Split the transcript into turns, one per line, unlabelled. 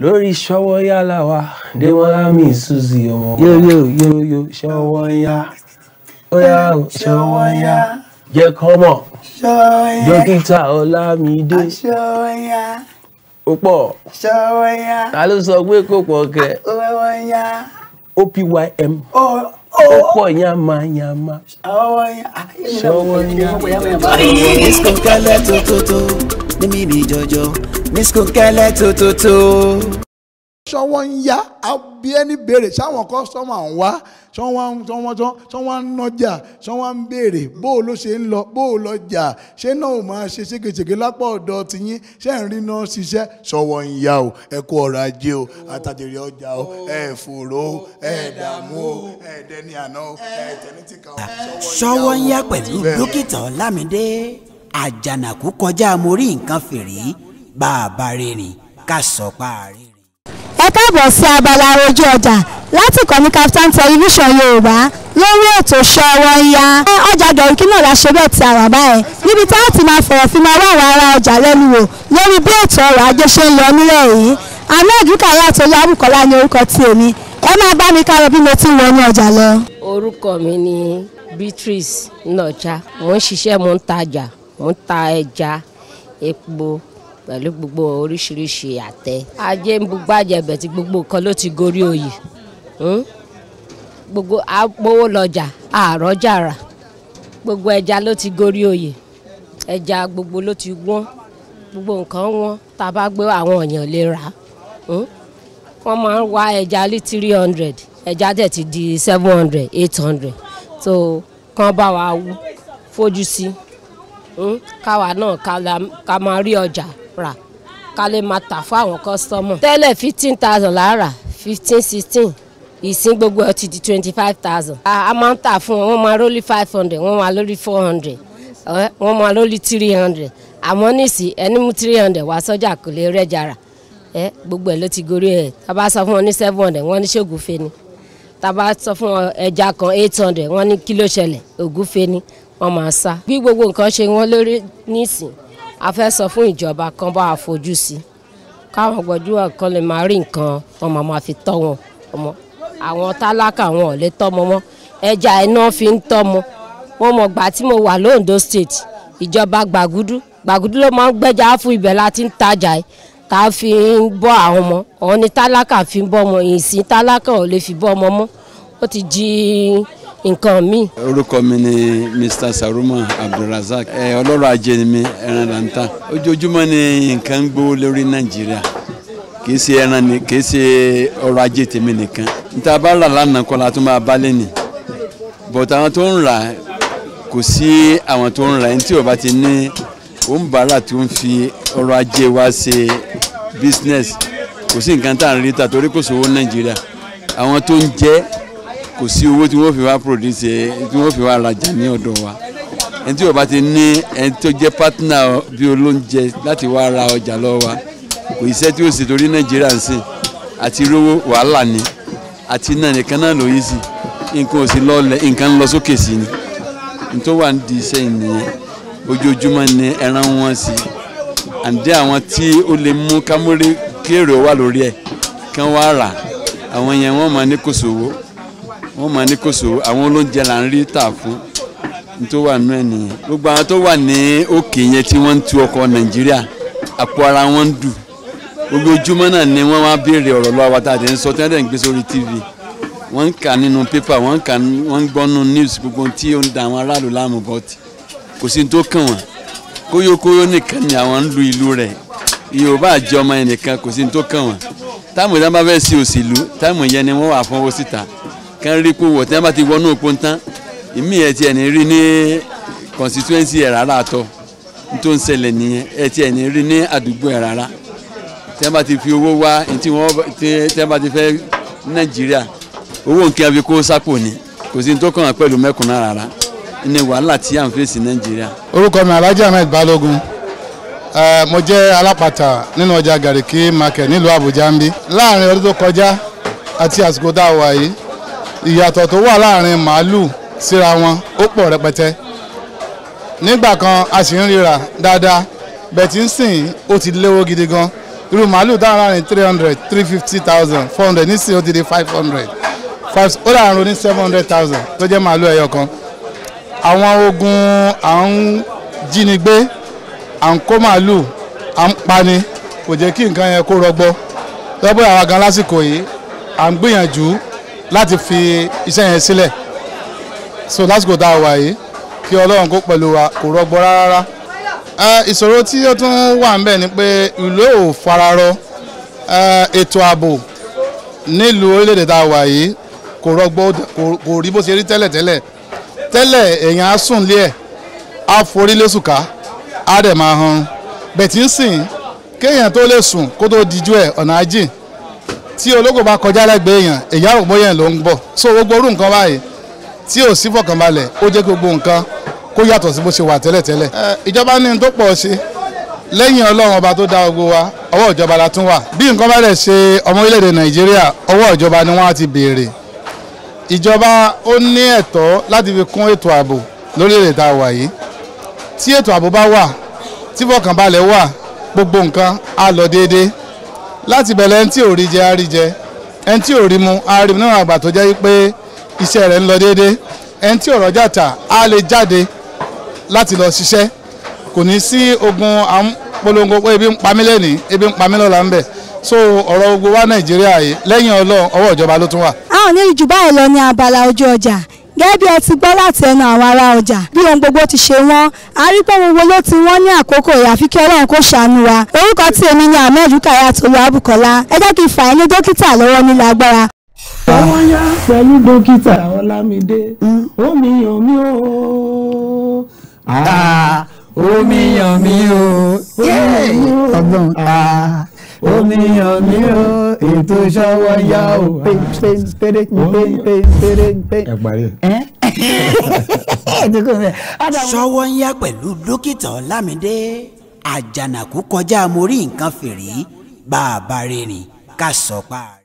lórí Sówónyá la wà Dẹ́mọ́lá Misuzi ọmọ wa. yóò yóò yóò yóò Sówónyá ó yá o Sówónyá jẹ́ kọ́mọ̀ dókítà Ọlámídé Sówónyá ó pọ̀ Sówónyá ta ló sọ pé kò pọ̀ kẹ́ Sówónyá opym ó pọ̀ yamayama Sówónyá. ìsìnkú kálẹ̀ tó tó tó ní mímí jọjọ. Miss Kukele tututu.
sọ́wọ́n ń yá bí ẹni béèrè sáwọn kọ́sọ́mà ń wá sọ́wọ́n sọ́wọ́n ń nọjà sọ́wọ́n ń béèrè bóò ló ṣe ń lọ bóò lọ jà ṣé náà ò máa ṣe ṣégeṣège lápá ọ̀dọ̀ tiyín ṣé ń rí náà ṣiṣẹ́ sọ́wọ́n ń yá o ẹ kú ọ̀rọ̀ ajé o àtàjèrè ọjà o ẹ fòrò o ẹ dààmú o ẹ dẹni àná o ẹ tẹnitìkà o.
sọ́wọ́n ń yá pẹ̀lú dókítà Ọlámídé àjànàkú kọjá mo nǹkan fèrè bá a bá rìnrìn ká sọ pa àárín.
ẹ káàbọ̀ sí abala ojú ọjà láti ìkànnì Kaftan television yorùbá lórí ètò ṣọwọ́ ya ọjà dọ̀rùkí náà la ṣe bẹ́ẹ̀ ti àràbá ẹ̀ níbi tá a ti máa fọ̀rọ̀ fi máa wá àwọn ará ọjà lẹ́nu wò lórí bí ètò ọrọ̀ ajé ṣe ń lọ nílẹ̀ yìí ahmed kayat olúwabùkọ́lá ni orúkọ tí èmi ẹ máa bá mi kárọ bí mo ti ń wọnú ọjà lọ. orúkọ mi ni Beatrice nọjà mò ń ṣiṣẹ́ mò ń tajà mò ń ta ẹja epo pẹ̀lú gbogbo oríṣiríṣi àtẹ. ajé ń bu gbàjẹ̀bẹ̀ tí gbogbo nǹkan ló ti gorí oyè hmm? gbogbo àpòwò lọ́jà àrọ́jà rà gbogbo ẹja ló ti gorí oyè ẹja gbogbo ló ti wọ́n gbogbo nǹkan wọ́n tá a bá gbé àwọn èèyàn lè rà hmm? wọ́n máa ń wá ẹja lé three hundred ẹja dẹ̀ ti di seven hundred eight hundred so kàn bá wa fojú sí hmm? káwa náà ká máa rí ọjà rà ká lè máa tà fún àwọn kọ́sítọ́mọ̀. tẹ́lẹ̀ fifteen thousand la rà fifteen sixteen ìsín gbogbo ẹ̀ ti di twenty five thousand. a máa ń tà fún wọn wọ́n máa lórí five hundred wọ́n máa lórí four hundred wọ́n máa lórí three hundred àmọ́ nísì ẹni mú three hundred wá sọ́jà kò lè rẹ́jà rà ẹ gbogbo ẹ̀ ló ti gorí ẹ̀ tá a bá sọ fún wọn ní seven hundred wọ́n ní ṣègùn fẹ́ ni tá a bá sọ fún wọn ẹja kan eight hundred wọ́n ní kí ló ṣẹlẹ̀ ògúnfẹ́ ni máa sá bí gbogbo nǹkan ṣe wọ́n lórí nísìn a fẹ́ sọ fún ìjọba kan bá a fojú sí káwọn gbọ́dúwà kan lè máa rí nǹkan wọn máa máa fi tọ́ wọn ọmọ àwọn tálákà wọn ò lè tọ́mọ mọ́ ẹja iná fi ń tọ́mọ wọn mọ̀ gbà tí mo wà lóńdó state ìjọba gbàgúdú gbàgúdú ló máa ń gbẹ́jà fún ibẹ̀ láti ń tajà ẹ̀ tá fi ń bọ́ àwọn ọmọ òun ni tálákà fi ń bọ́ ọmọ ìsìn tálákà ò lè fi bọ́ ọmọ mọ́ ó ti jí
nǹkan mi. orúkọ mi ni Mr Saruma Abdulrasaq ẹ ọlọ́rọ̀ ajé ni mi ẹran là ń tà ojoojúmọ́ ni nǹkan ń gbówó lórí Nàìjíríà kì í ṣe ẹran ni kì í ṣe ọrọ̀ ajé tèmi nìkan níta bá rà lánàá kọ́ la tún máa bá lé nì bọ̀tà àwọn tó ń rà kò sí àwọn tó ń rà ẹni tí ò bá ti ní òun tó ń fi ọrọ̀ ajé wa ṣe business kò sí nǹkan tá à ń rí ta torí kò sówó Nàìjíríà àwọn tó ń jẹ́ kò sí owó tí wọ́n fi wá produce tí wọ́n fi wá rajà ní ọ̀dọ̀ wa ẹni tí ó bá ti ní ẹni tó jẹ́ partner bí olóúnjẹ láti wá ra ọjà lọ́wọ́ wa kò iṣẹ́ tí ó sì torí Nàìjíríà ń sìn àti rówó wàhálà ni àti náà nìkan náà ló sí nǹkan ò sí lọ́ọ̀lẹ̀ nǹkan ń lọ sókè sí ni n tó wà nídìí iṣẹ́ ìnìyẹn ojoojúmọ́ ni ẹran wọn sí àǹdí àwọn tí ó lè mú kámúrí kí èrò wà lórí ẹ̀ kí wá rà àwọn yẹn wọ́n máa ní kò wọ́n máa ní kòsò àwọn olóúnjẹ là ń rí tà fún tó wà nínú ẹ̀ nìyẹn gbogbo àwọn tó wà ní òkè yẹn tí wọ́n ń tu ọkọ̀ nàìjíríà àpò ara wọn ń dù gbogbo ojúmọ́ náà ni wọ́n máa béèrè ọ̀rọ̀ lọ́wọ́ wa tá ń sọ tí wọ́n dẹ̀ ń gbé sórí tv wọ́n ń kà nínú pépà wọ́n ń kà wọ́n ń gbọ́ nínú news gbogbo tí ó ń da àwọn aráàlú láàmú bọ́t kò sí tó kàn wọ́n kóyókóyó nìkan ni àwọn ń lu ìlú rẹ̀ yorùbá àjọ ọmọ yẹn nìkan kò sí tó kàn wọ́n táwọn ìdábàbẹ́ sí òṣèlú táwọn ìyẹn ni wọ́n wà fún owó síta kán rí pò wọ̀ tí bá ti wọnú òpó ń tán ìmí ẹ̀ tí ní rí ní constituency ẹ̀ rárá tọ́ tó ń ṣẹlẹ̀ nìyẹn ẹ̀ ní rí ti fi owó wá tí wọ́n ti fẹ́ Nàìjíríà owó nǹkan fi kó sápò ni kò sí tó kàn án pẹ̀lú rárá ní wàhálà tí à ń fèsì Nàìjíríà.
Alhaji Ahmed Balogun mo alápàtà nínú ọjà market nílùú Àbújá ń ìyàtọ̀ tó wà láàrin màálù síra wọn ó pọ̀ rẹpẹtẹ nígbà kan a sì ń ríra dáadáa bẹ̀tí ń sìn ó ti léwó gidi gan irú màálù dáhùn láàrin three hundred three fifty thousand four hundred nísìnyí ó ti di five hundred five ó dà ń ro ní seven hundred thousand tó jẹ́ màálù ẹyọ kan àwọn ogun à ń jínigbé à ń kó màálù à ń pani kò jẹ́ kí nǹkan yẹn kó rọgbọ lọ́gbọ́n àwa gan lásìkò yìí à ń gbìyànjú láti fi iṣẹ́ yẹn sílẹ̀ so lásìkò tá a wà yìí kí ọlọ́run kó pẹ̀lú wa kò rọgbọ rárá ìṣòro tí ó tún wà ń bẹ̀ ni pé ìlú ò fararọ ètò ààbò nílùú orílẹ̀-èdè tá a wà yìí kò rọgbọ kò rí bó ṣe rí tẹ́lẹ̀ tẹ́lẹ̀ tẹ́lẹ̀ èèyàn á sùn lé ẹ̀ á forí lẹ́sùká á dẹ̀ máa han bẹ̀tí ń sìn kéèyàn tó lè sùn kó tó dijú ẹ̀ ọ̀nà ajín tí ológo bá kọjá lẹ́gbẹ̀ẹ́ èèyàn èyí àrò bóyá ló ń bọ̀ so gbogbo orú nǹkan báyìí tí ò sí fọkànbalẹ̀ ó jẹ́ gbogbo nǹkan kó yàtọ̀ sí bó ṣe wà tẹ́lẹ̀tẹ́lẹ̀. ìjọba ní n tó pọ̀ ṣe lẹ́yìn ọlọ́run ọba tó dá ogo wa ọwọ́ ìjọba la tún wà bí nǹkan bá lè ṣe ọmọ orílẹ̀-èdè nàìjíríà ọwọ́ ìjọba ni wọ́n ti béèrè ìjọba ó ní ẹ̀tọ́ láti fi kún ètò ààbò lórílẹ̀-èdè tá a wà yìí tí ètò ààbò bá wà tí fọkànbalẹ̀ wà gbogbo nǹkan á lọ déédéé láti bẹ̀rẹ̀ ẹni tí ò rí jẹ á rí jẹ ẹni tí ò rí mu á rí mu níwọ̀n àgbà tó jẹ́ pé iṣẹ́ rẹ̀ ń lọ déédéé ẹni tí ò rọ́jà tà á lè jáde láti lọ ṣiṣẹ́ kò ní sí ogun àpolongo pé ebi ń pa mí lẹ́nìí ebi ń pa mí lọ́la ń bẹ̀ so ọ̀rọ̀ gbogbo wa Nàìjíríà yìí lẹ́yìn Ọlọ́run ọwọ́ ìjọba ló tún wà.
a ní jù báyìí lọ ní abala ojú ọjà gẹ́gẹ́ bí ẹ ti gbọ́ láti ẹnu àwọn ará ọjà bí ohun gbogbo ti ṣe wọ́n a rí pé gbogbo ló ti wọ́n ní àkókò àfi kí ọlọ́run kó ṣàánú wa orúkọ tí èmi ni ahmed rukaya tolu abukola ẹ jẹ́ kí
n fà á ní dókítà lọ́wọ́ ní lágbára. àwọn yá pẹ̀lú dókítà ọlámídé hmm? ah, omi yàn mí o omi yàn mí o ọgbọ́n. Ah. O Oníyàn mi ó ètò ṣọwọ́ yá o. ẹ parí
ẹ. ṣọwọ́ ń yá pẹ̀lú dókítà Ọlámídé àjànàkú kọjá mo rí nǹkan fìrí bàbá rẹ̀ rìn
ká sọ pa.